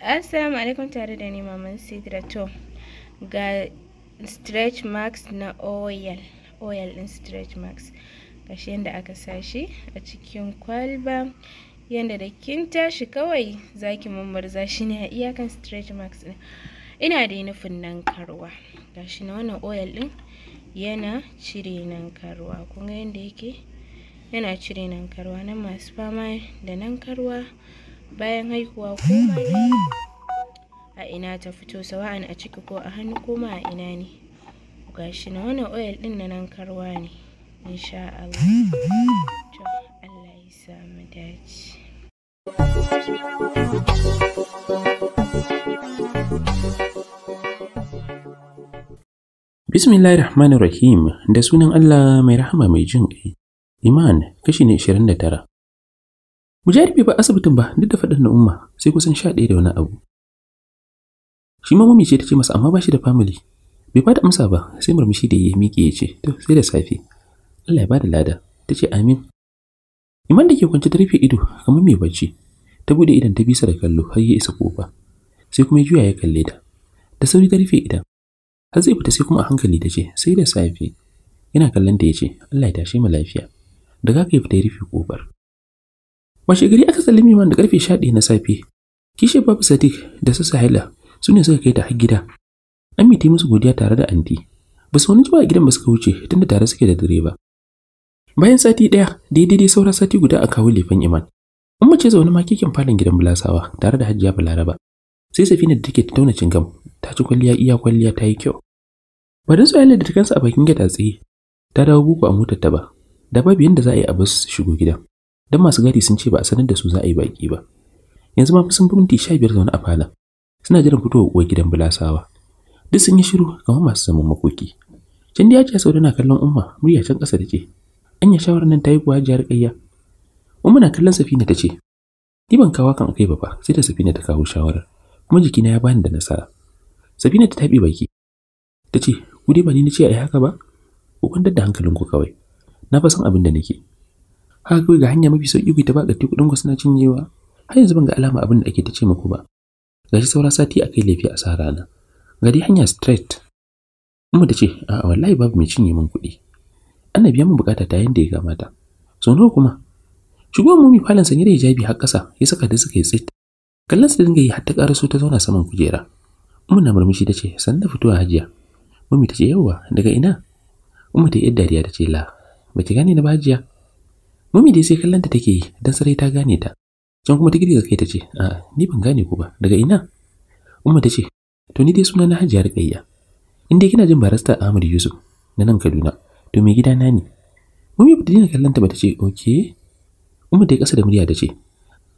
Assalamu alaikum tare da ni Maman Sidra to ga stretch marks na oil oil din stretch marks gashi yanda aka sashi a cikin kwalba yanda da kin tashi kawai zaki mammarza shi ne a iyakan stretch marks din ina da nufin nan karwa gashi na wannan oil din yana cire nan karwa kun ga yanda yake yana cire nan karwa na masu fama da nan karwa bayan haihuwa komai a ina ta fito sawa'an a ciki ko a hannu ko ma a ina ne gashi na wannan oil din na nan karwa ne insha Allah Allah ya sa mu dace Rahim da sunan Allah mai rahama mai jin Iman kashi ne 29. ja rufe ba asibitin ba duk da faɗin na umma sai kusan sha ɗaya da wani abu. Shi ma mami ce ta ce masa amma ba shi da family. Bai ba da amsa ba sai murmushi da ya miƙe ya ce to sai da safe. Allah ya ba lada ta ce amin. Iman da ke kwance ta rufe ido kamar mai bacci ta bude idan ta bisa da kallo har ya isa kofa sai kuma ya juya ya kalle ta da sauri ta rufe idan har zai fita sai kuma a hankali ta ce sai da safe yana kallon ta ya ce Allah ya tashe mu lafiya daga ka ya fita ya rufe kofar Washe gari aka sallame man da karfe 11 na safe. kishi Babu Sadiq da su Sahila su ne suka kai ta har gida. an ta musu godiya tare da anti. Ba su wani zuwa gidan ba suka wuce tunda tare suke da ba. Bayan sati ɗaya, daidai dai saura sati guda a kawo lefan Iman. Umma ce zaune ma keken falon gidan Bulasawa tare da Hajiya Balaraba. Sai Safina da take tauna cingam, ta ci kwalliya iya kwalliya ta yi kyau. Barin Suhaila da ta kansa a bakin gida tsaye, ta dawo buku a motar ta ba, da babu yadda za a yi a bas su shigo gidan. don masu gadi sun ce ba a sanar da su za a yi baki ba yanzu ma sun fi minti sha biyar zaune a falon suna jiran fitowa uwar gidan bulasawa duk sun yi shiru kamar masu zaman makoki can da ya ce sau na kallon umma murya can ƙasa da ke. an shawarar nan ta yi kuwa jihar ƙayya umma na kallon safina ta ce ni ban kawo kan akai ba fa sai da safina ta kawo shawarar kuma jikina ya bani da nasara safina ta taɓe baki ta ce ku dai ba ni na ce a yi haka ba ku kwantar da hankalinku kawai na fa san abin da nake haka kawai ga hanya mafi sauki ku ta ba gatti kuɗin suna cinyewa har yanzu ban ga alama abin da ake ta ce muku ba gashi saura sati a kai laifi a sa rana ga dai hanya straight mu ta ce a wallahi babu mai cinye min kuɗi ana biya min bukata ta yanda ya kamata so nawa kuma shigo mu mi falon sanye da hijabi har kasa ya saka da suka yi tsit kallon su dinga yi har ta ta zauna saman kujera na murmushi ta ce san da fitowa hajiya mummy ta ce yawwa daga ina umma ta yi dariya ta ce la ba ki na ba hajiya Mummy dai sai kallon ta take yi dan sarai ta gane ta. Can kuma ta girgiza kai ta ce, "A, ni ban gane ku ba. Daga ina?" Umma ta ce, "To ni dai suna na Hajiya Rukayya. inda kina jin barista Ahmad Yusuf na nan Kaduna, to me gida ne?" Mummy ba ta dina kallon ta ba ta ce, "Okay." Umma ta yi kasa da murya ta ce,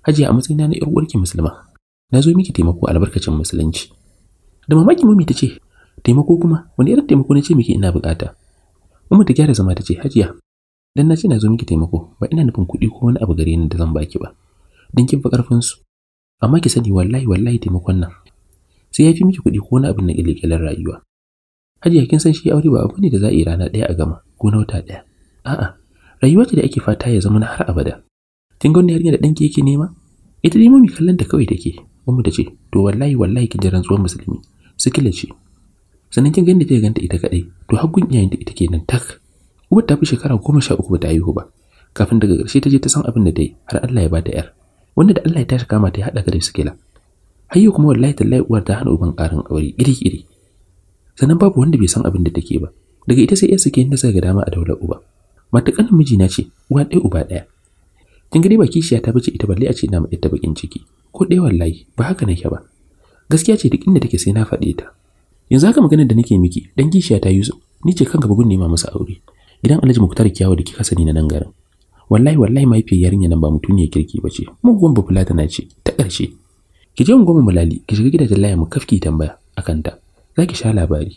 "Hajiya a matsayina na 'yar uwarki musulma, na zo miki taimako albarkacin musulunci." Da mamaki mummy ta ce, "Taimako kuma, wani irin taimako ne ce miki ina bukata?" Umma ta gyara zama ta ce, "Hajiya, Dan na ce na zo miki taimako, ba ina nufin kuɗi ko wani abu gare ni da zan baki ba. Dan kin fi ƙarfin su. Amma ki sani wallahi wallahi taimakon nan. Sai ya fi miki kuɗi ko wani abu na ƙilƙilar rayuwa. Hajiya kin san shi aure ba abu ne da za a yi rana ɗaya a gama ko na wata ɗaya. A'a, rayuwa ce da ake fata ya zama na har abada. Kin ga wani yarinya da ɗanki yake nema? Ita dai mami kallon da kawai take. Ummu ta ce, "To wallahi wallahi ki ji rantsuwar musulmi." kila ce. Sannan kin ga inda kika ganta ita kaɗai, to hakkun iyayen da ita nan tak. uwar ta fi shekara goma sha uku ba ta haihu ba kafin daga ƙarshe ta je ta san abin da ta yi har Allah ya ba ta 'yar wanda da Allah ya tashi kama ta ya haɗa ta da sikila hayyo kuma wallahi tallahi uwar ta hana uban ƙarin aure iri-iri sannan babu wanda bai san abin da ta ke ba daga ita sai 'yar suke da suka ga dama a daular uba matakan na ce uwa ɗaya uba ɗaya kin gani ba kishiya ta bace ita balle a ce ina mai ta bakin ciki ko ɗaya wallahi ba haka nake ba gaskiya ce duk inda take sai na faɗe ta yanzu haka maganar da nake miki dan kishiya ta ni ce kan bugun nema masa aure gidan alhaji muktar kiyawa da kika sani na nan garin wallahi wallahi mahaifiyar yarinya nan ba mutum ne kirki ba ce mugun fulata na ce ta ƙarshe ki je ungwamu mulali ki shiga gidajen laya mu kafki tambaya akan ta za ki sha labari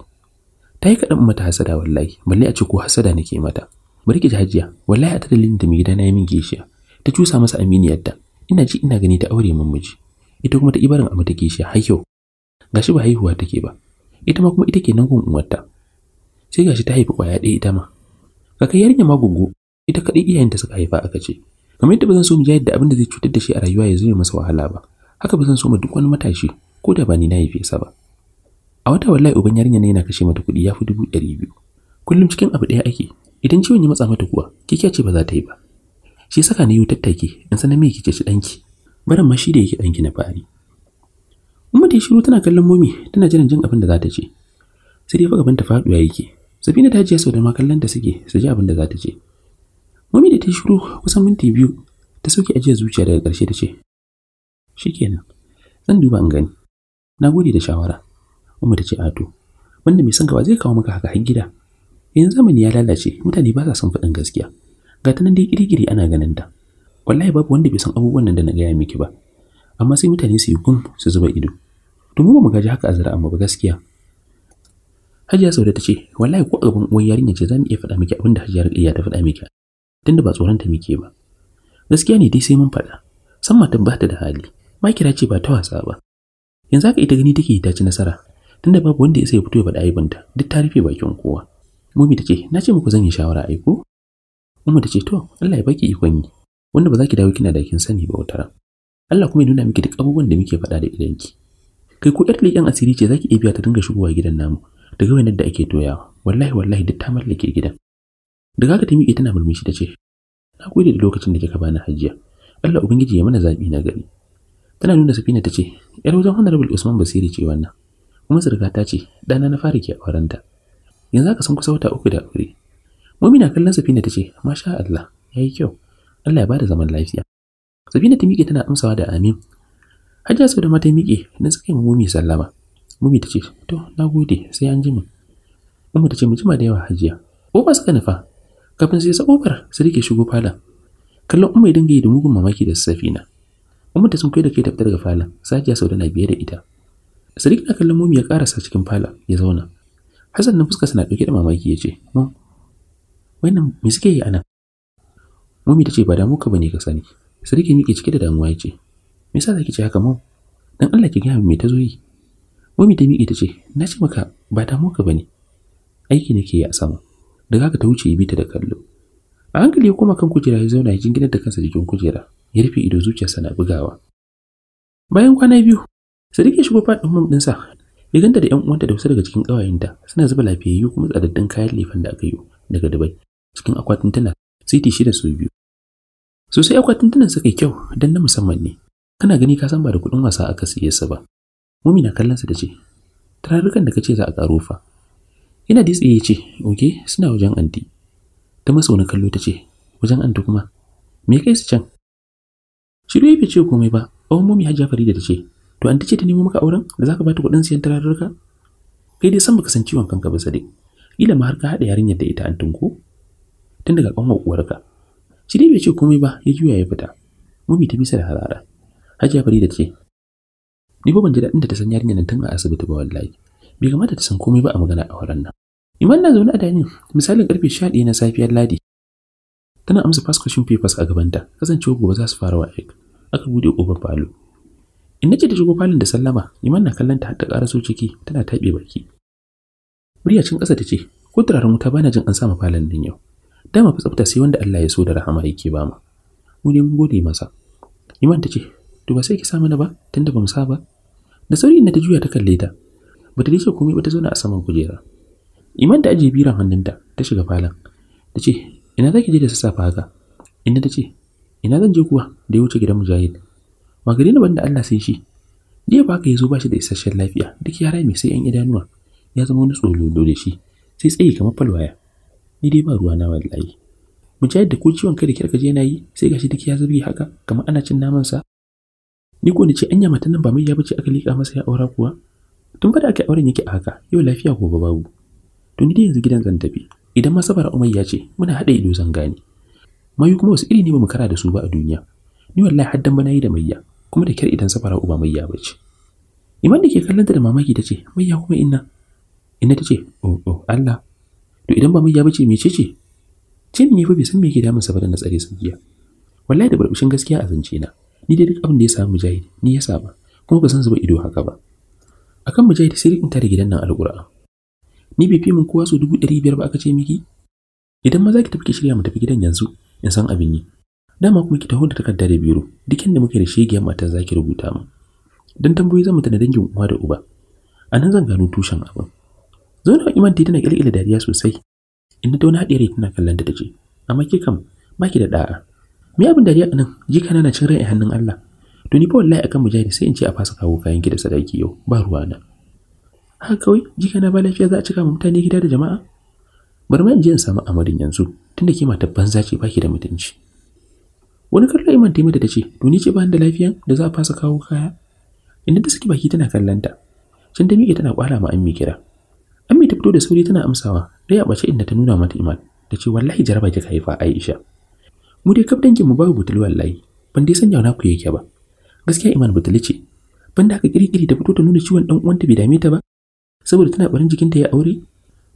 ta yi kaɗan mata hasada wallahi balle a ce ko hasada nake mata bari ki ji hajiya wallahi a ta dalilin da mai na yi min geshiya ta cusa masa aminiyarta ina ji ina gani ta aure min miji ita kuma ta ibarin amma take geshiya har yau gashi ba haihuwa take ba ita ma kuma ita ke nan gun uwarta sai gashi ta haifi kwaya ɗaya ita ma Kaka yarinya magungu, ita kaɗai iyayenta suka haifa aka ce. Kamar yadda ba zan so mu yadda abin da zai cutar da shi a rayuwa ya zame masa wahala ba. Haka bazan zan so mu duk wani matashi ko da ba ni na haife sa ba. A wata wallahi uban yarinya ne yana kashe mata kuɗi ya fi dubu ɗari biyu. Kullum cikin abu ɗaya ake idan ciwon ya matsa mata kuwa kike ce ba za ta yi ba. Shi saka ne yau tattake in sanar me kike ci ɗanki. Barin ma shi da yake ɗanki na fari. Umma ta shiru tana kallon momi tana jiran jin abin da za ta ce. Sai dai fa gaban ta faɗuwa yake Safina ta jiya sau da makallan da suke su ji abin da za ta ce. Mami da ta yi shiru kusan minti biyu ta sauke ajiyar zuciya daga ƙarshe ta ce. shi kenan zan duba in gani. Na gode da shawara. Umma ta ce ato, wanda mai son gaba zai kawo maka haka har gida. Yanzu zamani ya lalace, mutane ba sa son faɗin gaskiya. Ga ta nan dai ƙirƙiri ana ganin ta. Wallahi babu wanda bai san abubuwan nan da na gaya miki ba. Amma sai mutane su yi gum su zuba ido. Domin ba mu gaji haka a zira'an ba gaskiya. Hajiya Saude ta ce, "Wallahi ko a gaban uwar yarinyar ce za mu iya faɗa miki abin da Hajiya iya ta faɗa miki, tunda ba tsoron ta muke ba." Gaskiya ne dai sai mun faɗa. San matan ba ta da hali. Makira ce ba ta wasa ba. Yanzu haka ita gani take ta ci nasara, tunda babu wanda ya sai fito ya faɗa aibinta, duk ta rufe bakin kowa. Mumi ta ce, "Na ce muku zan yi shawara aiko?" Umma ta ce, "To, Allah ya baki ikon yi, wanda ba za ki dawo kina da kin sani ba wata Allah kuma ya nuna miki duk abubuwan da muke faɗa da idanki. Kai ko ƴar leƙen asiri ce za ki iya biya ta dinga shigowa gidan namu, daga wani da ake toyawa wallahi wallahi duk ta mallake gidan da kaga ta miƙe tana murmushi ta ce na gode da lokacin da kika bani hajiya Allah ubangiji ya mana zabi na gari tana nuna safina tace yar wajen honorable Usman Basiri ce wannan kuma surga ta ce dana na fara ke aurenta yanzu aka san kusa wata uku da aure Mumina kallon safina tace masha Allah yayi kyau Allah ya bada zaman lafiya Safina ta miƙe tana amsawa da amin Hajiya sau da mata miƙe na suka yi mummi sallama mummy ta ce, To, na gode, sai an jima. Umma ta ce, Mu jima da yawa hajiya. Ƙofa suka nufa, kafin su isa ƙofar su rike shigo fala. Kallon Umma ya dinga yi da mugun mamaki da safina. Umma ta sun kai da kai ta daga fala, sajiya sau da na biye da ita. Sadiq na kallon Mumi ya karasa cikin fala ya zauna. hasan na fuska suna dauke da mamaki ya ce, mu wannan me suke yi ana? mummy ta ce ba damu ka bane ka sani. su rike miƙe cike da damuwa ya ce, Me yasa zaki ce haka mu Dan Allah ki gaya me ta zo yi. Mami ta miƙe ta ce, "Na ce maka ba ta muka ba ne. Aiki nake yi a sama. Da ka ta wuce ya bi ta da kallo. A hankali ya koma kan kujera ya zauna ya jingina da kansa jikin kujera. Ya rufe ido zuciyarsa na bugawa. Bayan kwana biyu, Sadiq ya shigo faɗin mam ɗinsa. Ya ganta da 'yan uwanta da wasu daga cikin ƙawayenta suna zuba lafiyayyu kuma tsadaddun kayan lefen da aka yi daga Dubai cikin akwatin tana siti shida su biyu. Sosai akwatin tana suka yi kyau don na musamman ne. Kana gani ka san ba da kuɗin wasa aka siye su ba. Mummy na sa da ce, Turarukan da ka ce za a karo fa. Ina da tsaye ce, oke, suna wajen anti. Ta masa wani kallo ta ce, wajen anti kuma, me kai su can? Shiru ya ce komai ba, ɓawon mummy hajja Farida ta ce, to anti ce ta nemo maka auren da za ka bata kuɗin siyan turaruka? Kai dai san baka san ciwon kanka ba sadiq. Ila ma har ka haɗa yarinyar da ita antin ko? Tun daga ƙwanwa uwarka. Shi dai bai ce komai ba, ya juya ya fita. Mummy ta bisa da harara. hajja Farida ce, ni ba ban ji daɗin da ta san yarinya nan tun a asibiti ba wallahi bai kamata ta san komai ba a magana a wurin nan iman na zaune a danin misalin karfe 11 na safiyar ladi tana amsa fast question papers a gabanta kasancewa gobe za su fara wa ek aka bude kofar falo in ce ta shigo falon da sallama iman na kallon ta har ta ciki tana taɓe baki murya cin ƙasa ta ce ko turaren wuta bana jin an sama falon din yau dama fa tsafta sai wanda Allah ya so da rahama yake ba mu mu ne mun gode masa iman ta ce to ba sai ki sa mana ba tunda ba mu saba da sauri ina ta juya ta kalle ta bata dace komai ba ta zauna a saman kujera iman da ajiye biran hannunta ta shiga falon ta ce ina zaki je da sassafe haka inda ta ce ina zan je kuwa da ya wuce gidan mujahid magari na banda Allah sai shi jiya ba ka yazo ba shi da isasshen lafiya duk yara mai sai yan idanuwa ya zama wani tsololo da shi sai tsayi kamar falwaya ni dai ba ruwa na wallahi mujahid da ko ciwon kai da kirka je na yi sai gashi duk ya zube haka kamar ana cin naman ni ko ni ce anya mata nan ba mai ya bace aka lika masa ya aura kuwa tun fa da aka auren yake a haka yau lafiya gobe babu to ni dai yanzu gidan zan tafi idan masabar umar ce muna haɗa ido zan gane mayu kuma wasu iri ne mu kara da su ba a duniya ni wallahi haddan bana yi da mayya kuma da kyar idan safara uba mayya bace iman da ke kallon da mamaki ta ce mayya kuma inna inna ta ce oh oh Allah to idan ba mayya bace me ce cin ne fa bai san me yake damun sa da na tsare sakiya wallahi da barbishin gaskiya a zance na ni dai duk abin da ya samu mujahid ni ya saba kuma ba san zuba ido haka ba akan mujahid sai rikin tare gidan nan alqur'a ni bai fi kowa su dubu ɗari biyar ba aka ce miki idan maza ki tafi ki shirya mu tafi gidan yanzu in san abin yi dama kuma ki taho da takarda da biro dukin da muke da shegiyar matar za ki rubuta mu dan tambayoyi zan na dangin uwa da uba a nan zan gano tushen abin zauna imanta tana da dariya sosai inda ta wani haɗe rai tana kallon ta ta ce amma ke kam ba da ɗa'a me abin dariya a nan jika na cin rai hannun Allah to ni fa wallahi akan mujahid sai in ce a fasa kawo kayan gida da sadaki yau ba ruwa na haka kawai jika na ba lafiya za a cika mutane gida da jama'a bar ma in je in samu amarin yanzu tunda ke matar banza ce baki da mutunci wani kallo iman ta mata tace to ni ce ba da lafiya da za a fasa kawo kaya inda ta saki baki tana kallanta can da miƙe tana kwala ma ammi kira ammi ta fito da sauri tana amsawa dai a bace inda ta nuna mata iman tace wallahi jaraba kai fa Aisha mu dai kaf dangin mu babu butul wallahi ban dai sanya ku yake ba gaskiya iman butul ce ban da kiri kirkiri da fito ta nuna ciwon dan uwanta bai dame ta ba saboda tana barin jikinta ya aure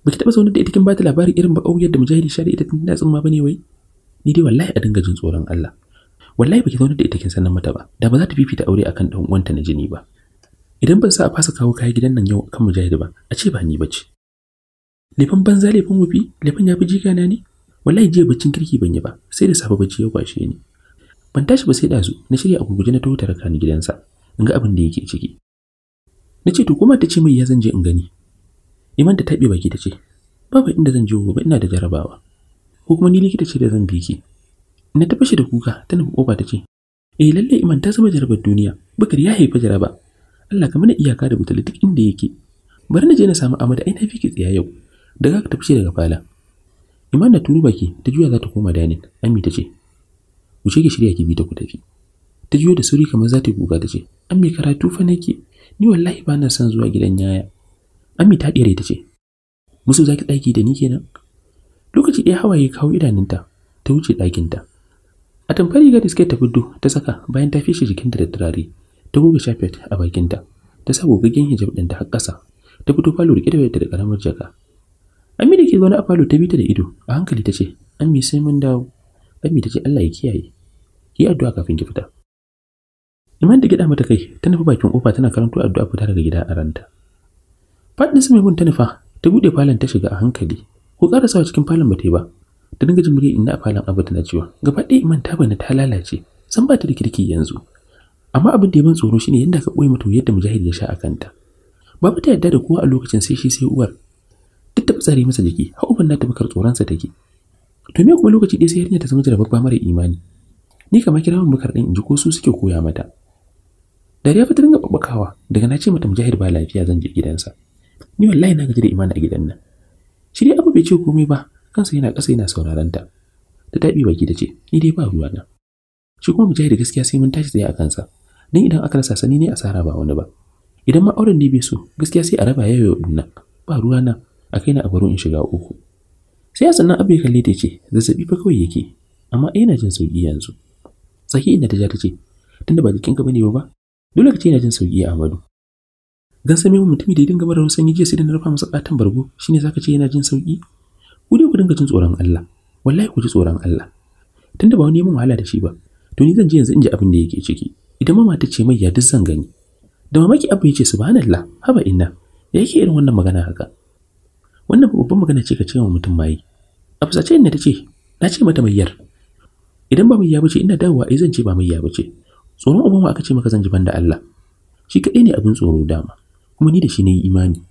ba ki taba zaunar da ita kin bata labari irin ba auriyar da mujahidi shari ita tana ma bane wai ni dai wallahi a dinga jin tsoron Allah wallahi baki zaunar da ita kin sanar mata ba da ba za ta fifita aure akan dan uwanta na jini ba idan ban sa a fasa kawo kayan gidan nan yau kan mujahidi ba a ce ba ni bace lefan banza lefan wufi lefan ya fi jika na ne wallahi jiya baccin kirki ban yi ba sai da safe bacci ya kwashe ni ban tashi ba sai dazu na shirya a gurguje na taho raka ni gidansa in ga abin da yake ciki na ce to kuma ta ce mai ya zan je in gani iman ta taɓe baki ta ce babu inda zan je gobe ina da jarabawa ko kuma ni likita ce da zan bi ki na tafi shi da kuka ta nufi kofa ta ce eh lalle iman ta zama jarabar duniya bakar ya haifa jaraba Allah ka mana iyaka da butul duk inda yake bari na je na samu amada ai na fi ki tsaya yau daga ka tafi daga fala Iman da turu baki ta juya za ta koma danin. Ami ta ce, Ku ki shirya ki bi ta ku tafi." Ta juya da sauri kamar za ta kuka ta ce, "Ami karatu fa nake, ni wallahi ba na son zuwa gidan yaya." Ami ta ɗere ta ce, "Musu za ki ɗaki da ni kenan?" Lokaci ɗaya hawaye kawo idanunta ta wuce ɗakinta. A tamfari ga da ta fiddo ta saka bayan ta fishe jikinta da turare, ta goga shafet a bakinta, ta sa gogaggen hijab ɗinta har ƙasa, ta fito falo riƙe da wayarta da ƙaramar jaka. Ami da ke zaune a falo ta bita da ido, a hankali ta ce, Ami sai mun dawo. Ami ta ce Allah ya kiyaye. Ki addu'a kafin ki fita. Iman da gida mata kai, ta nufi bakin kofa tana karanto addu'a fita daga gida a ranta. Fadin su mai ta nufa, ta buɗe falon ta shiga a hankali. Ko karasawa cikin falon ba ta yi ba. Ta dinga jin murya inda a falon abu tana cewa, gaba ɗaya Iman ta bani ta lalace, san ba ta da kirki yanzu. amma abin da ya ban tsoro shine yadda ka ɓoye mata yadda mujahid ya sha a kanta babu ta yarda da kowa a lokacin sai shi sai uwar duk da fitsari masa jiki har uban nata bakar tsoronsa take to me kuma lokaci ɗaya sai yarinya ta zama da babba mara imani ni kamar kira mun bakar din in ji ko su suke koya mata dare ya fita dinga babbakawa daga na ce mata mujahid ba lafiya zan je gidansa ni wallahi na gaji da imani a gidan nan shi dai abu bai ce komai ba kansa yana ƙasa yana sauraron ta ta taɓi baki ta ce ni dai ba ruwa na shi kuma mujahid gaskiya sai mun tashi tsaye a kansa dan idan aka rasa sani ne asara ba wani ba idan ma auren ne bai so gaskiya sai a raba yayo din nan ba ruwa na a kai na a baro in shiga uku sai a sannan abu ya kalle ta ce zazzaɓi fa kawai yake amma a yana jin sauƙi yanzu tsaki inda ta ja ta ce tunda ba jikinka bane ba dole ka ce yana jin sauƙi Ahmadu gan sami mutumi da ya dinga barar sanyi jiya sai da na rufa masa katon bargo shine zaka ce yana jin sauƙi ku dai ku dinga jin tsoron Allah wallahi ku ji tsoron Allah tunda ba wani mun wahala da shi ba to ni zan je yanzu in ji abin da yake ciki idan ma mata ce mai ya duk zan gani da mamaki abu ya ce subhanallah haba inna da yake irin wannan magana haka wannan babban magana ce ka ce wa mutum yi. a fusace ne ta ce na ce mata mayyar idan ba ya bace ina dawowa ai eh zan ce ba ya bace tsoron abin wa aka ce maka zan ji banda Allah shi kaɗai ne abin tsoro dama kuma ni da shi ne yi imani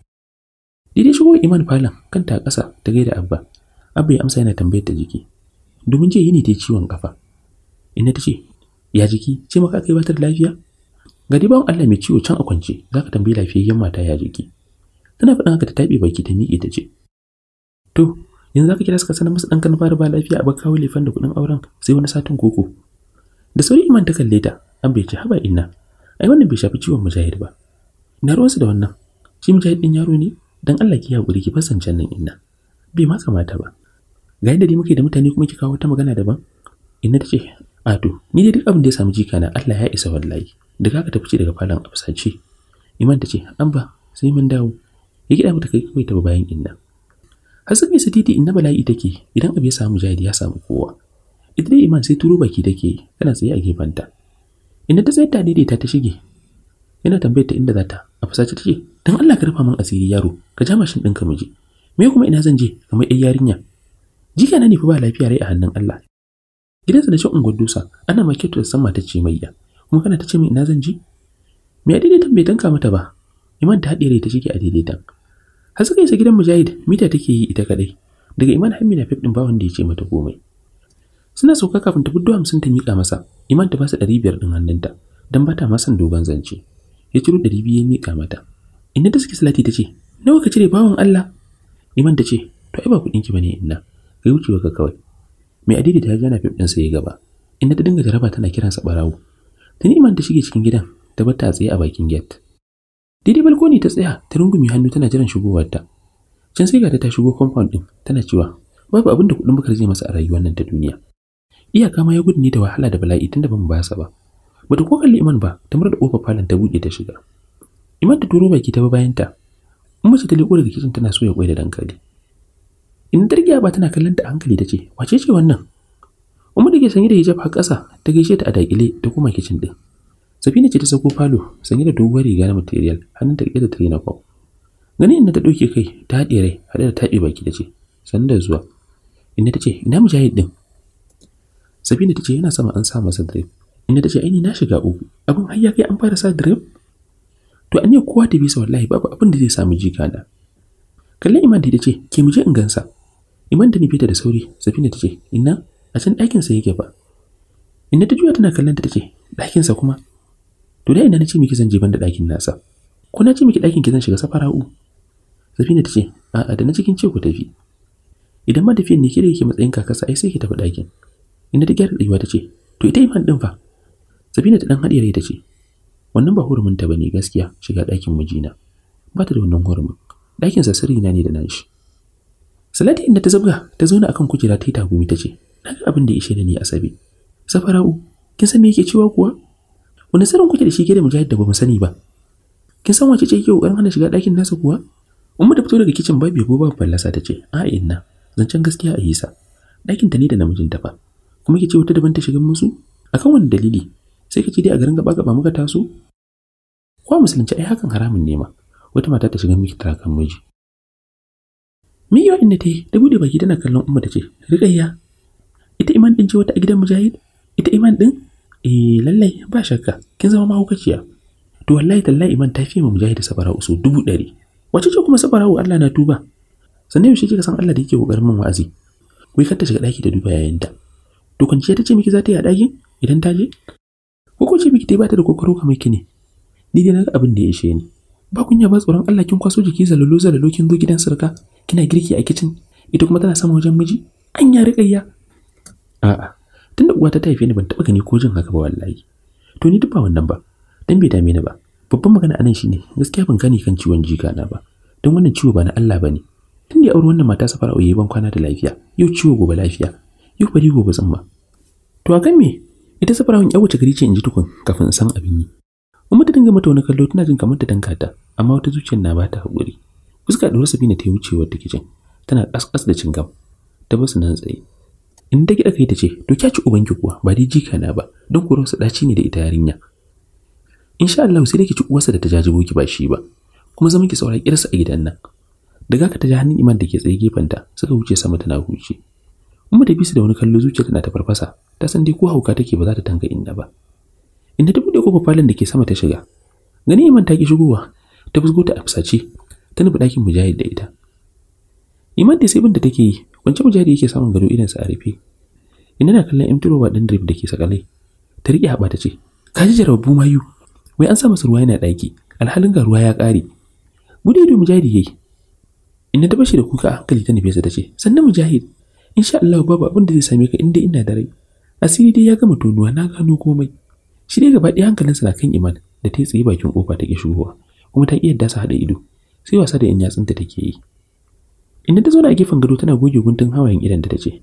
daidai shigo iman falon kan ta ƙasa ta gaida abba abba ya amsa yana tambayar ta jiki domin jiya yini ta yi ciwon kafa ina ta ce ya jiki ce maka aka yi batar lafiya ga dai bawan Allah mai ciwo can a kwance za ka tambayi lafiyayyen mata ya jiki tana faɗin haka ta taɓe baki ta miƙe ta ce to yanzu aka kira suka sanar masa ɗan kana fara ba lafiya a bar kawo lefan da kuɗin auren sai wani satin koko da sauri iman ta kalle ta an bai ci haba inna ai wannan bai shafi ciwon mujahid ba na ruwansu da wannan shi mujahid ɗin yaro ne dan Allah ki hakuri ki can nan inna bai ma kamata ba ga yadda dai muke da mutane kuma ki kawo ta magana daban inna ta ce a to ni dai duk abin da ya samu jika na Allah ya isa wallahi da kaka ta fice daga falon afsace iman ta ce an ba sai mun dawo ya gida mata kai kawai ta bayan inna har sai su titi inna bala'i take idan abu ya samu jahidi ya samu kowa ita dai iman sai turo baki take tana tsaye a gefenta inda ta tsayar ta daidaita ta shige yana tambayar ta inda za ta a fasace take dan Allah ka rufa min asiri yaro ka ja mashin ɗinka mu je me kuma ina zan je kamar ɗan yarinya jika na fa ba lafiya rai a hannun Allah gidansa da cin dusa ana maki da san mata ce mai ya kuma kana ta ce mai ina zan je me a daidaitan bai tanka mata ba iman ta haɗe rai ta shige a daidaitan har suka isa gidan mujahid mita take yi ita kadai daga iman hammi na fif din ba wanda ya ce mata komai suna sauka kafin ta buddo hamsin ta miƙa masa iman ta basa ɗari biyar ɗin hannunta don ba ta ma dogon zance ya ciro ɗari biyu ya miƙa mata inna ta suke salati ta ce nawa ka cire bawan allah iman ta ce to ai ba kuɗinki ba ne inna ka wucewa ka kawai mai adidi ta gana fif sa ya gaba inda ta dinga jaraba tana kiransa ɓarawo tuni iman ta shige cikin gidan ta bata a tsaye a bakin gate Daidai balkoni ta tsaya ta rungume hannu tana jiran shigowarta. Can sai ta shigo compound ɗin tana cewa babu abin da kuɗin bakar zai masa a rayuwar nan ta duniya. Iyaka ma ya gudu ne da wahala da bala'i tunda ban basa basa ba. Bata ko kalli Iman ba ta murda kofar falon ta buɗe ta shiga. Iman ta turo baki ta ba bayanta. ta. In mace ta leƙo daga kicin tana soya kwai da dankali. In dargiya ba tana kallon ta hankali ta ce wace ce wannan? Umar da ke sanye da hijab har ƙasa ta gaishe ta a dakile ta koma kicin ɗin. Safina ce ta sako falo sanye da doguwar riga na material Hannun ta ke da tare na kwaf. Gani inda ta ɗauke kai ta haɗe rai haɗe da taɓe baki ta ce san da zuwa. Inda ta ce ina mujahid ɗin. Safina ta ce yana sama an sa masa drip. Inda ta ce aini na shiga uku abin har ya kai an fara sa drip. To an yi kowa ta bisa wallahi babu abin da zai samu jika na. Kallon Iman ta ce ke mu je in gansa. Iman da nufe ta da sauri Safina ta ce ina a can ɗakinsa yake ba. Inda ta juya tana kallon ta ta ce ɗakinsa kuma To da ina nace miki zan je banda dakin nasa. Ko na ce miki ɗakin ki zan shiga safara'u? Safina ta ce, a'a da na cikin ce ku tafi. Idan ma tafiyan ne kire yake matsayin kakasa ai sai ki tafi ɗakin. Ina ta gyara tsayuwa tace to ita iman din fa. Safina ta ɗan haɗe rai tace, ce, wannan ba hurumin ta bane gaskiya shiga ɗakin mijina. Ba ta da wannan hurumin. Dakin sa sirri na ne da nashi. Salati inda ta zabga ta zauna akan kujera ta yi tagumi ta ce, na ga abin da ya ishe da ni asabe. Safara'u, kin san me yake cewa kuwa? wani sirrin kuke da shi ke da mujahid da bamu sani ba kin san wace ce yake kokarin hana shiga ɗakin nasa kuwa umma da fito daga kicin babu yabo babu fallasa ta ce a inna zancen gaskiya a yisa ɗakin ta ne da namijin ta fa kuma ki ce wata daban ta shiga musu akan wani dalili sai kace dai a garin gaba gaba muka taso kwa musulunci ai hakan haramun ne ma wata mata ta shiga miki tarakan miji mi yau inda ta da bude baki tana kallon umma ta ce riƙayya ita iman din ce wata a gidan mujahid ita iman din eh lallai ba shakka kin zama mahaukaciya to wallahi tallahi iman ta fi mu mujahid sabara'u usu dubu dari. wace ce kuma sabara'u Allah na tuba sannan yaushe kika san Allah da yake kokarin min wa'azi ku kar shiga ɗaki da duba yayinta to ce ta ce miki za ta yi a ɗakin idan ta je ko ko ce miki ta ba ta da kokaro kamar ki ne ni dai na ga abin da ya ishe ni ba ya ba tsoron Allah kin kwaso jiki zalalo zalalo kin zo gidan sarka kina girki a kitchen ita kuma tana sama wajen miji an ya riƙayya a'a tunda uwa ta taife ni ban taɓa gani ko jin haka ba wallahi to ni duk ba wannan ba dan bai dame ni ba babban magana anan shine gaskiya ban gane kan ciwon jika na ba dan wannan ciwo ba na Allah bane tun da aure wannan mata safara oyi ban kwana da lafiya yau ciwo gobe lafiya yau bari gobe zamba to a kan me ita safara hun yawo ta gari ce inji tukun kafin san abin yi amma ta dinga mata wani kallo tana jin kamar ta danka ta amma wata zuciyar na bata hakuri fuska rusa bina ta yi wucewar ta kicin tana kaskas da cingam ta basu nan tsaye in da gida kai ta ce to kya ci ubanki kuwa ba dai jika na ba don ku rasa daci ne da ita yarinya insha Allah sai dake ci uwarsa da ta jajibo ki ba shi ba kuma zama ki saurayi kirsa a gidan nan daga ka ta ji hannun iman da ke tsaye ta suka wuce sama tana huce umma da bisu da wani kallo zuciya tana ta farfasa ta san dai ko hauka take ba za ta tanga inda ba inda ta bude kofar falon da ke sama ta shiga gani iman ta ki shigowa ta fusgo ta afsace ta nufi ɗakin mujahid da ita iman da sai bin da take yi wancan mujahidi yake samun gado sa a rufe. Ina na kallon M Turoba din drip da ke sakalai. Ta riƙe haba ta ce, Ka ji jarabu mayu. Wai an sa masa ruwa yana ɗaki, alhalin ga ruwa ya kare Gudu da mujahidi ya Ina ta bashi da kuka a hankali ta nufe sa ta ce, Sannan mujahid, insha Allah babu abin da zai same ka inda ina da rai. Asiri dai ya gama tonuwa na gano komai. Shi dai gaba ɗaya hankalinsa na kan iman da ta yi tsaye bakin kofa ta ƙi shigowa, kuma ta iya yadda su haɗa ido, sai wasa da ‘yan yatsunta take yi. Inda ta zauna a gefen gado tana goge guntun hawayen idan da ta ce,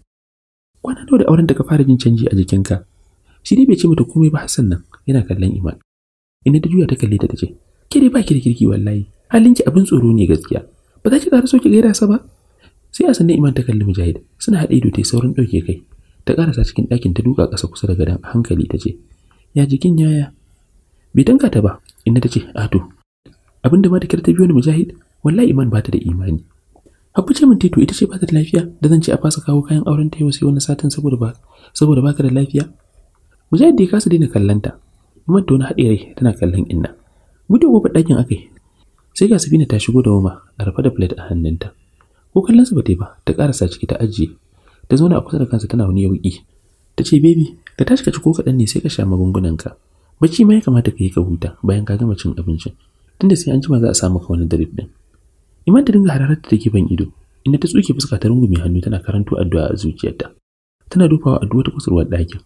Kwana nawa da auren da ka fara jin canji a jikinka, shi dai bai ce mata komai ba Hassan nan yana kallon Iman. Inda ta juya ta kalle ta ta ce, Ke dai ba ki da kirki wallahi, halinki abin tsoro ne gaskiya, ba za ki ƙara so ki gaira sa ba? Sai a sannan Iman ta kalli Mujahid, suna haɗa ido ta sauran saurin ɗauke kai, ta ƙarasa cikin ɗakin ta duka ƙasa kusa da gadon a hankali ta ce, Ya jikin yaya? Bai tanka ta ba, inda ta ce, Ato, abin da ma da ta biyo ni Mujahid, wallahi Iman ba ta da imani. Habbu ce min ita ce ba ta da lafiya da zan ce a fasa kawo kayan auren ta yau sai wani satin saboda ba saboda baka da lafiya. Mujahid yadda ya kasa daina kallanta. Iman ta wani haɗe rai tana kallon inna. Gudu gobe ɗakin aka yi. Sai ga Sabina ta shigo da wama a rufe da plate a hannunta. Ko kallon su ba ta ba ta karasa ciki ta ajiye. Ta zauna a kusa da kansa tana wani yauƙi. Ta ce baby ka tashi ka ci ko kaɗan ne sai ka sha magungunan ka. Bacci ma ya kamata ka yi ka huta bayan ka gama cin abincin. Tunda sai an jima za a samu ka wani drip ɗin. Iman ta dinga hararar ta ban ido, inda ta tsuke fuska ta rungume hannu tana karanto addu'a a zuciyarta. Tana dufawa addu'a ta kusurwar ɗakin.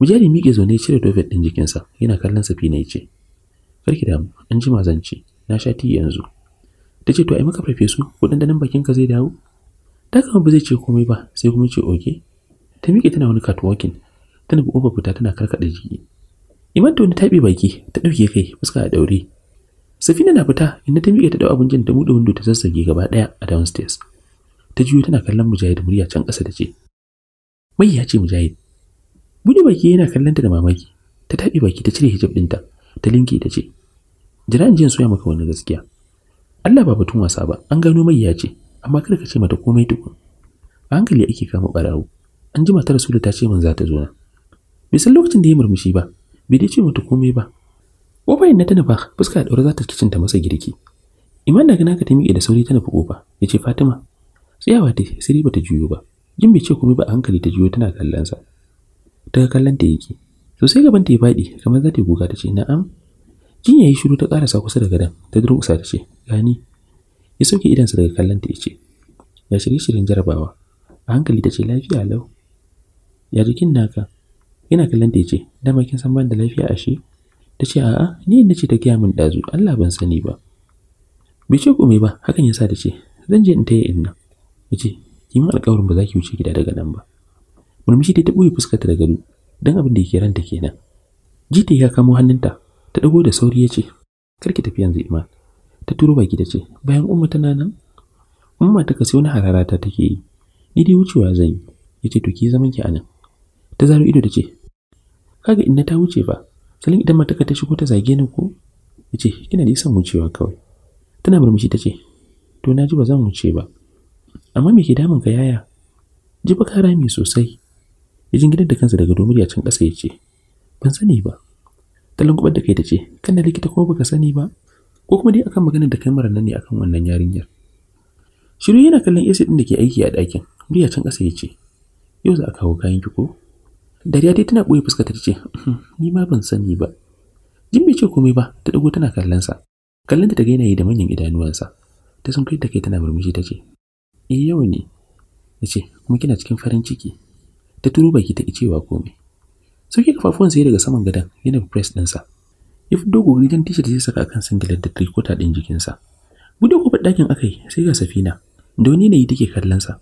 Mujari miƙe zaune cire dofet ɗin jikinsa, yana kallon safina ya ce, Karki damu, an ji zan na sha ti yanzu. Ta ce, To, ai maka farfesu, ko bakin ka zai dawo? Ta kama ba zai ce komai ba, sai kuma ce, Oke. Ta miƙe tana wani catwalking, tana bi ƙofar fita tana karkaɗa jiki. Iman ta wani taɓe baki, ta ɗauke kai, fuska a ɗaure, Safina na fita inda ta miƙe ta dau abincin ta buɗe window ta zazzage gaba ɗaya a downstairs. Ta juyo tana kallon Mujahid murya can ƙasa ta ce, Mai ya ce Mujahid, buɗe baki yana kallon ta da mamaki, ta taɓe baki ta cire hijab ɗinta, ta linke ta ce, Jira in ji in soya maka wani gaskiya. Allah ba batun wasa ba, an gano mai ya ce, amma kada ka ce mata komai tukun. A hankali ake kama ɓarawo, an ji matar Rasulu ta ce min za ta zo na. Bai san lokacin da ya murmushi ba, bai dai ce mata komai ba, Kofar na ta nufa fuska da dora za ta kicin ta masa girki. Iman daga naka ta miƙe da sauri ta nufi kofa ya ce Fatima tsayawa ta sai ba ta juyo ba. Jin bai ce komai ba a hankali ta juyo tana kallonsa. Daga kallon ta yake. Sosai gaban ta ya faɗi kamar za ta yi ta ce na'am. Jin ya shiru ta ƙarasa kusa da gadon ta durƙusa ta ce gani. Ya sauke sa daga kallon ta ya ce ya shirye shirin jarabawa a hankali ta ce lafiya lau ya jikin naka yana kallon ta ya ce dama kin san ban da lafiya ashe ta ce a'a ni na ce ta gaya min ɗazu Allah ban sani ba bai ce komai ba hakan yasa ta ce zan je in taya in nan ya ce ki min alƙawarin ba za ki wuce gida daga nan ba murmushi ta ɓoye fuskarta ta daga don abin da yake ranta kenan jita ya kamo hannunta ta ɗago da sauri ya ce karki tafi yanzu iman ta turo baki ta ce bayan umma tana nan umma ta kasi wani hararata take yi ni dai wucewa zan yi ya ce to ki zaman ki anan ta zaro ido ta ce kaga inna ta wuce ba. salin idan mataka ta shigo ta zage ni ko ya ce kina da son wucewa kawai tana murmushi ta ce to na ji ba zan wuce ba amma me ke damun ka yaya ji ba kara mai sosai ya gidan da kansa daga domar can ƙasa ya ce ban sani ba ta kubar da kai ta ce da likita kuma baka sani ba ko kuma dai akan maganar da kai mara nan ne akan wannan yarinyar shiru yana kallon AC din da ke aiki a ɗakin murya can ƙasa ya ce yau za a kawo kayan ki ko Dariya dai tana ɓoye fuskata ta ce, uhm, Ni ma ban sani ba. Jin bai ce komai ba, ta ɗago tana kallonsa. Kallonta ta ga yanayi da manyan idanuwansa. Ta sun kai ta kai tana murmushi ta ce, Eh yau ne. Ya ce, Kuma kina cikin farin ciki. Ta turo baki ta cewa komai. Sauke kafafuwan ya daga saman gadon yana press ɗinsa. Ya fi dogo gidan tisha da zai saka kan singilar da trikota ɗin jikinsa. Bude kofar ɗakin aka yi sai ga safina, da wani yanayi take kallonsa.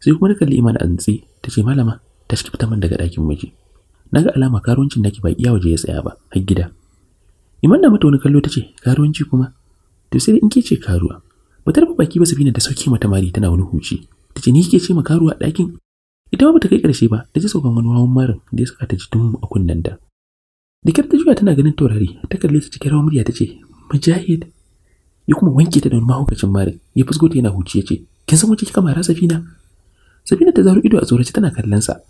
Sai kuma ta kalli Iman a ta ce, Malama, ta ki fita min daga ɗakin miji naga alama karuwancin naki ba iya waje ya tsaya ba har gida iman da mata wani kallo ta ce karuwanci kuma to sai in ke ce karuwa ba baki ba sabina da sauke mata mari tana wani huci ta ce ni ke ce ma karuwa ɗakin ita ma ta kai ƙarshe ba ta ji saukan wani wawan marin da ya saka ta ji a kunnenta da kyar ta juya tana ganin taurari ta kalle ta cikin rawar murya ta ce mujahid ya kuma wanke ta da wani mahaukacin marin ya fusgo ta yana huci ya ce kin san wace kika mara safina safina ta zaro ido a tsorace tana kallon sa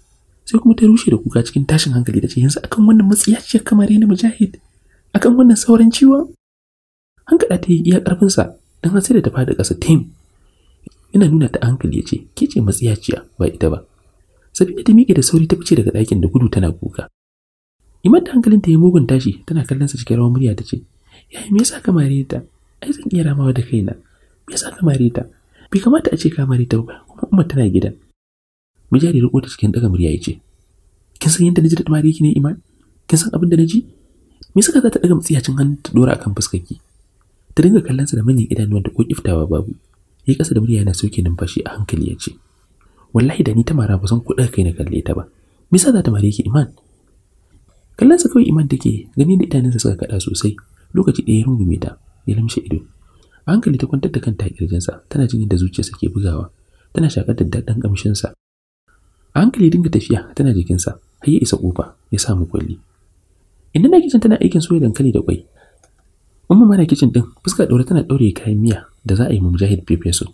sai kuma ta rushe da kuka cikin tashin hankali da ce yanzu akan wannan matsiyaciyar kamar na mujahid akan wannan sauran ciwon hankala ta yi iya karfinsa don har sai da ta fada ƙasa tim yana nuna ta hankali ya ce ke ce matsiyaciya ba ita ba safiya ta miƙe da sauri ta fice daga ɗakin da gudu tana kuka imar da hankalin ta yi mugun tashi tana kallon sa cikin rawar murya ta ce ya me yasa kamare ta ai zan iya ramawa da kaina me yasa mare ta bai kamata a ce kamare ta ba kuma umar tana gidan Mijari riƙo ta cikin daga murya ya ce, Kin san yadda na ji da mari yake ne Iman? Kin san abin da na ji? Me suka za ta daga cin hannu ta dora akan fuskarki? Ta dinga kallonsa da manyan idanuwan da ko kiftawa babu. Ya kasa da murya yana soke numfashi a hankali ya ce, Wallahi da ni ta mara ba san ko kai na kalle ta ba. Me sa za ta mare yake Iman? Kallonsa kawai Iman take gani da idanunsa suka kada sosai lokaci ɗaya ya rungume ta ya lamshe ido. A hankali ta kwantar da kanta a ƙirjinsa tana jin yadda zuciyarsa ke bugawa tana shakar da daɗin ƙamshinsa hankali dinga tafiya tana jikinsa har ya isa kofa ya samu kulli inda na kicin tana aikin soya dankali da kwai umma mana kicin din fuska daure tana daure kayan miya da za a yi mu mujahid pepe so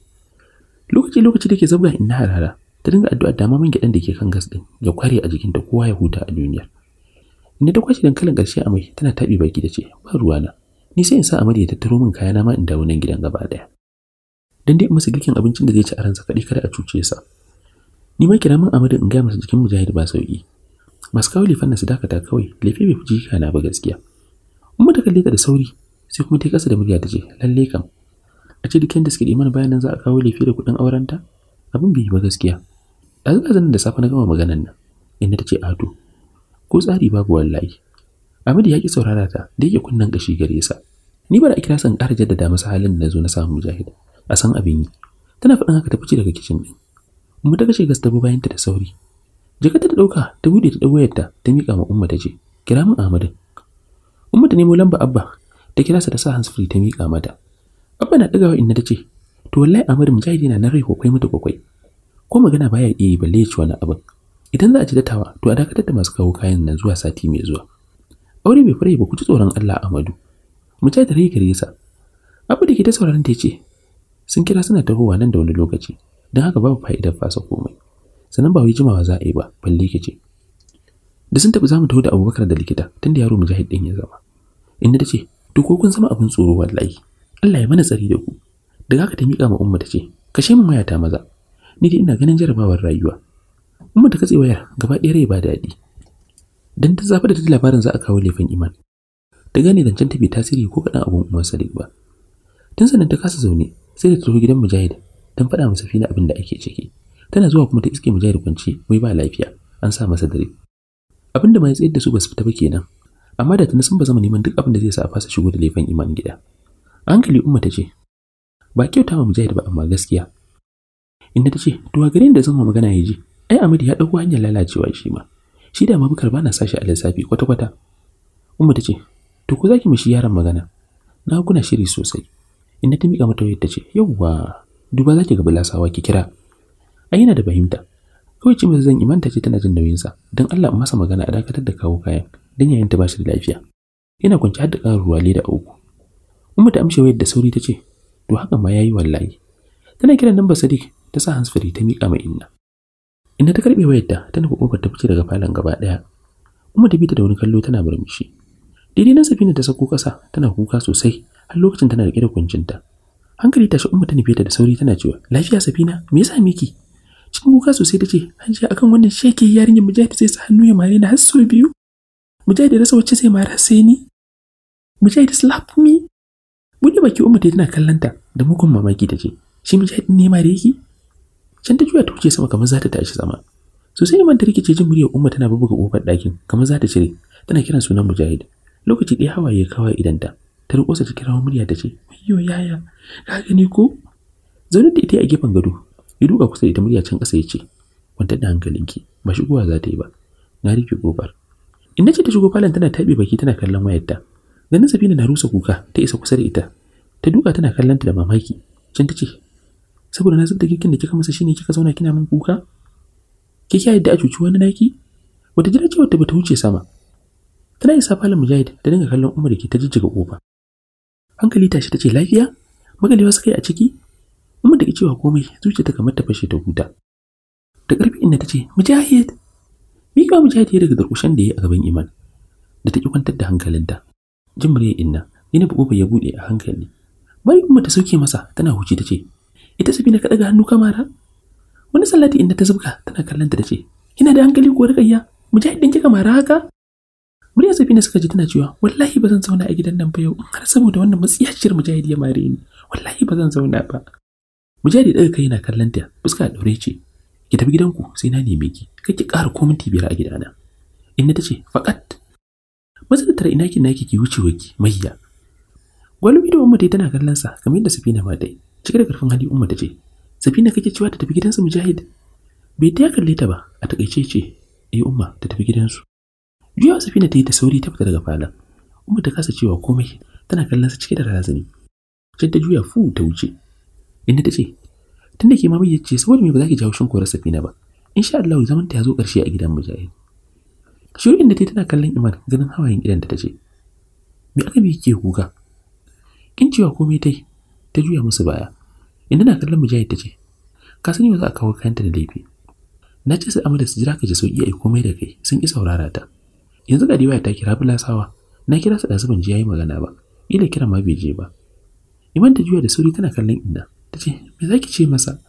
lokaci lokaci da ke zabga inna harara ta dinga addu'a da mamin gidan da ke kan gas din ya kware a jikin jikinta kowa ya huta a duniya inda ta kwashe dankalin karshe a mai tana tabi baki da ce ba ruwa na ni sai in sa amarya ya tattaro min kayana ma in dawo nan gidan gaba daya dan dai masa girkin abincin da zai ci a ransa kaɗai kada a cuce sa ni ma kira min amadin in gaya masa jikin mujahid ba sauki masu kawo lifan na su dakata kawai lefe bai fi jika na ba gaskiya in ta kalle ka da sauri sai kuma ta kasa da murya ta ce lalle kam a ce dukkan da suke iman bayan nan za a kawo lefe da kuɗin ta abin bai yi ba gaskiya ɗazin da safe na gama maganan nan inda ta ce ado ko tsari babu wallahi Amadu ya ki saurara ta da yake kunnen kashi gare sa ni ba kira san ƙara jaddada masa halin da na zo na samu mujahid a san abin yi tana faɗin haka ta fice daga kicin ɗin mu ta kashe gas ta bayan ta da sauri jaka ta dauka ta bude ta dawo ta mika ma umma ta ce, kira min Ahmadu umma ta nemo lamba abba ta kira sa ta sa hands free ta mika mata abba na dagawa inna ta ce to wallahi mujahid mujahidi na rai kokai mata kokai ko magana baya iya balle ya ci wani abin idan za a ci datawa to a dakatar da masu kawo kayan nan zuwa sati mai zuwa aure bai fara ba ku ci tsoron Allah Ahmadu mujahidi rai kare sa abu da ke ta sauraron ta ce sun kira suna tahowa nan da wani lokaci don haka babu fa'idar fasa komai sannan ba wai jimawa za a yi ba balle ke ce da sun tafi zamu taho da abubakar da likita tun da yaro mujahid din ya zama inda ta ce to ko kun zama abin tsoro wallahi Allah ya mana tsari da ku da haka ta miƙa ma umma ta ce kashe mu mayata maza ni dai ina ganin jarabawar rayuwa umma ta katse wayar gaba ɗaya rai ba daɗi dan ta zafa da labarin za a kawo laifin iman ta gane zancen ta bai tasiri ko kaɗan abun umar sadiq ba tun sannan ta kasa zaune sai da ta taho gidan mujahid dan faɗa masa fina abin da ake ciki tana zuwa kuma ta iske jari kwance mai ba lafiya an sa masa dare abin da mai tsayar da su ba fita ba kenan amma da tuni sun ba zama neman duk abin da zai sa a fasa shigo da laifin iman gida hankali umma ta ce ba kyauta ma mujahid ba amma gaskiya inda ta ce to a garin da zan magana ya ji ai amadi ya ɗauko hanyar lalacewa shi ma shi da mabukar bana na sashi a lissafi kwata-kwata umma ta ce to ku zaki mishi yaron magana na kuna shiri sosai inda ta mika mata wayar ta ce yawwa duba za ki ga bulasawa ki kira A yana da fahimta kawai ce masa zan imanta ce tana jin sa, don Allah in masa magana a dakatar da kawo kayan don yayin ta ba bashi da lafiya Ina kwanci har da ƙarin ruwa leda uku umma ta amshe wayar da sauri ta ce to haka ma yayi wallahi tana kiran nan ba Sadiq ta sa hansfari ta miƙa mai inna inna ta karɓe wayar ta ta nufi kofar ta fice daga falon gaba ɗaya umma ta bi ta da wani kallo tana murmushi daidai nan safina ta sako ƙasa tana kuka sosai har lokacin tana riƙe da kuncinta hankali ta umma ta nufe ta da sauri tana cewa lafiya safina me yasa miki cikin kuka sosai ta ce hajiya akan wannan sheke yarinyar mujahid zai sa hannu ya mare na har sau biyu mujahid da rasa wacce zai mara sai ni mujahid slap me buɗe baki umma ta tana kallanta da mukun mamaki ta ce shi mujahid ne mare yake can ta juya ta wuce sama kamar za ta tashi sama sosai man ta rikice jin muryar umma tana bubuga kofar ɗakin kamar za ta cire tana kiran sunan mujahid lokaci ɗaya hawaye kawai ta ta riko ta kira murya ta ce wayyo yaya ka gani ko zaune da ita a gefen gado ya duka kusa da ita murya can ƙasa ya ce kwanta da hankalinki ba shigowa za ta yi ba na rike kofar in nace ta shigo falon tana taɓe baki tana kallon wayarta ganin safina na rusa kuka ta isa kusa da ita ta duka tana kallon ta da mamaki can ta ce saboda na zubta girkin da kika masa shine kika zauna kina min kuka ke kiyaye da a cuci wani naki wata jira cewa ta bata wuce sama tana isa falon mujahid ta dinga kallon umar ki ke ta jijjiga kofa hankali tashi ta ce lafiya magani suka yi a ciki amma da cewa komai zuci ta kamar ta fashe ta huta da ƙarfi inda ta ce mi mika mujahid ya daga durkushan da ya a gaban iman da ta ki kwantar da hankalinta jin inna yana ba ya buɗe a hankali bari kuma ta sauke masa tana huce ta ce ita sabina ka daga hannu kamara wani sallati inda ta zubka tana kallonta tace ce kina da hankali ko rakayya mujahid din kika mara haka Murya Safina suka ji tana cewa wallahi ba zauna a gidan nan ba yau in har saboda wannan matsiyaciyar mujahidi ya mare ni wallahi ba zan zauna ba. mujahidi daga kai yana kallon ta fuska daure ce ki tafi gidanku sai na neme ki kake ƙara ko minti biyar a gidana. Inna ta ce faƙat. maza da tara ina ki naki ki wuce ki mayya. Gwalumi da Umma dai tana kallon sa kamar yadda Safina ma dai cike da karfin hali Umma ta ce Safina kake cewa ta tafi gidansu Mujahid bai ta kalle ta ba a takaice ce eh Umma ta tafi gidansu. Juyawa Safina ta yi ta sauri ta fita daga falon. Umma ta kasa cewa komai tana kallon sa cike da razani. Sai ta juya fu ta wuce. Inda ta ce, tunda ke mamaye ce saboda me ba za ki jawo shin korar Safina ba. Insha Allah zaman ta ya zo ƙarshe a gidan mujahid. Shiru inda ta tana kallon Iman ganin hawayen idan ta ce, Me aka bi ke kuka? Kin cewa komai ta yi, ta juya musu baya. Inda na kallon mujahid ta ce, Ka sani ba za a kawo kayanta da laifi. Na ce su amma da su jira ka ji sauƙi a komai da kai sun ƙi saurara ta. yanzu ga riwaya ta kira bulasawa na kira su da ban ji yayi magana ba ila kira ma bai je ba iman ta juya da sauri tana kallon inda ta ce me za ce masa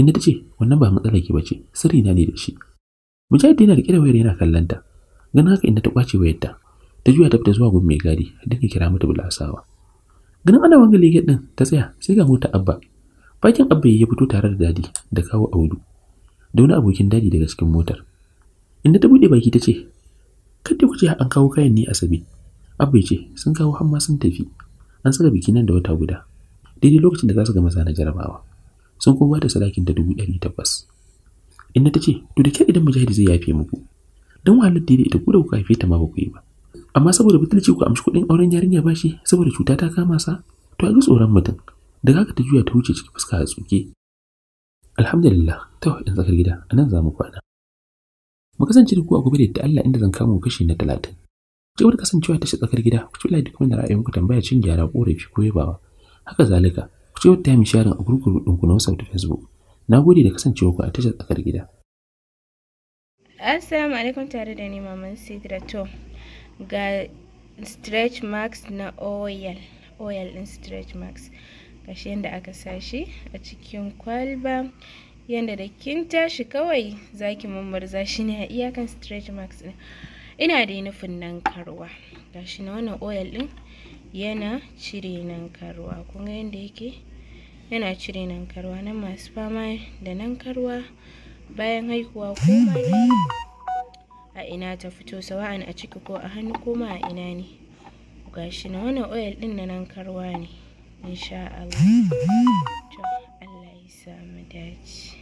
inda ta ce wannan ba matsala ki bace sirri na ne da shi mujahid yana rike da wayar yana kallon ta ganin haka inda ta kwace wayar ta ta juya ta fita zuwa gun mai da dinka kira mata bulasawa ganin ana wanga lege din ta tsaya sai ga mota abba bakin abba ya fito tare da dadi da kawo audu da wani abokin dadi daga cikin motar inda ta bude baki ta ce kada ku ce an kawo kayan ne asabe abu ya ce sun kawo har sun tafi an saka biki nan da wata guda daidai lokacin da za su gama zana jarabawa sun kuma da sadakin da dubu ɗari takwas Inna ta ce to da kyau idan mujahidi zai yafe muku don wahalar da ita ku da kuka haife ta ma ba ku yi ba amma saboda butulci ku amshi kuɗin auren yarinya ba shi saboda cuta ta kama sa to a ga tsoron mutum da haka ta juya ta wuce cikin fuska a tsuke alhamdulillah ta in tsakar gida anan za mu kwana mu kasance da ku a gobe da ta Allah inda zan kama kashi na talatin. Cewar kasancewa ta tsakar gida, ku tula duk wani ku tambaya cin gyara ƙorafi ko yabawa. Haka zalika, ku ci wata yami sharin a gurgurun ɗinku na wasu Facebook. Na gode da kasancewa ku a tashar tsakar gida. Assalamu alaikum tare da ni Maman Sidra to ga stretch marks na oil oil din stretch marks gashi yadda aka sashi a cikin kwalba yanda da kin tashi kawai zaki mummurza shi ne a iyakan stretch marks ɗin ina dai nufin nan karuwa shi na wannan oil ɗin yana cire nan karuwa kun ga yanda yake yana cire nan karuwa nan masu fama da nan karuwa bayan haihuwa ko a ina ta fito sawa'an a ciki ko a hannu ko ma a ina ne Ga shi na wannan oil ɗin na nan karuwa ne insha Allah ya samu dace